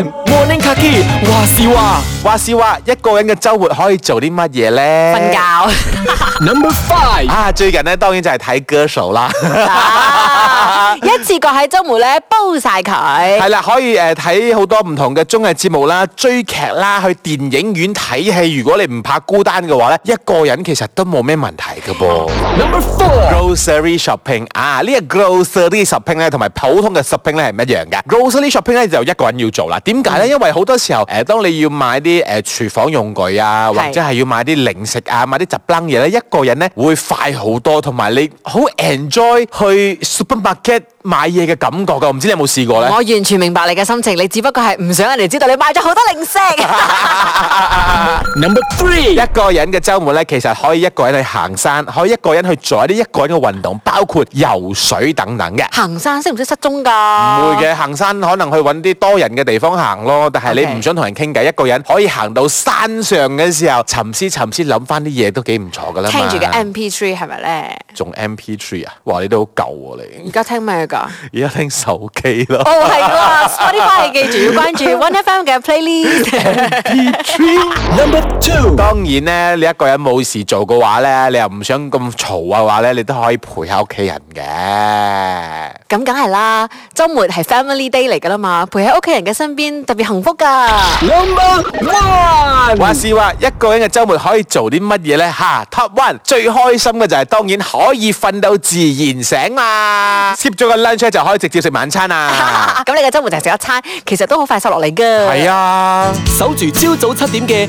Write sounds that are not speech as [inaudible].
Morning，Kaki，話事話，話事話，一個人嘅週末可以做啲乜嘢咧？瞓覺。Number，five。啊，最近咧當然就係睇歌手啦。.試過喺周末咧煲晒佢。係啦，可以誒睇好多唔同嘅綜藝節目啦、追劇啦，去電影院睇戲。如果你唔怕孤單嘅話咧，一個人其實都冇咩問題嘅噃。Number four grocery shopping 啊，這個、shopping 呢個 grocery shopping 咧同埋普通嘅 shopping 咧係唔一樣嘅。Grocery shopping 咧就一個人要做啦。點解咧？嗯、因為好多時候誒、呃，當你要買啲誒、呃、廚房用具啊，是或者係要買啲零食啊，買啲雜冷嘢咧，一個人咧會快好多，同埋你好 enjoy 去 supermarket。買嘢嘅感覺噶，我唔知你有冇試過咧？我完全明白你嘅心情，你只不過係唔想人哋知道你買咗好多零食。 [laughs] [laughs] Number three，一個人嘅周末咧，其實可以一個人去行山，可以一個人去做啲一個人嘅運動，包括游水等等嘅。行山識唔識失蹤噶？唔會嘅，行山可能去搵啲多人嘅地方行咯。但係你唔想同人傾偈，一個人可以行到山上嘅時候，沉思沉思諗翻啲嘢都幾唔錯噶啦聽住嘅 MP3 係咪咧？仲 MP3 啊？哇，你都好舊喎你。而家聽咩噶？而家聽手機咯。哦係啊，Spotify 記住要關注 One FM 嘅 playlist。當然咧，你一個人冇事做嘅話咧，你又唔想咁嘈嘅話咧，你都可以陪下屋企人嘅。咁梗係啦，周末係 Family Day 嚟噶啦嘛，陪喺屋企人嘅身邊特別幸福噶。Number one，話事話，一個人嘅周末可以做啲乜嘢咧？吓、啊、，Top one 最開心嘅就係、是、當然可以瞓到自然醒嘛。食咗、嗯、個 lunch 就可以直接食晚餐啊。咁、啊啊啊啊、你嘅周末就係食一餐，其實都好快速落嚟噶。係啊，守住朝早七點嘅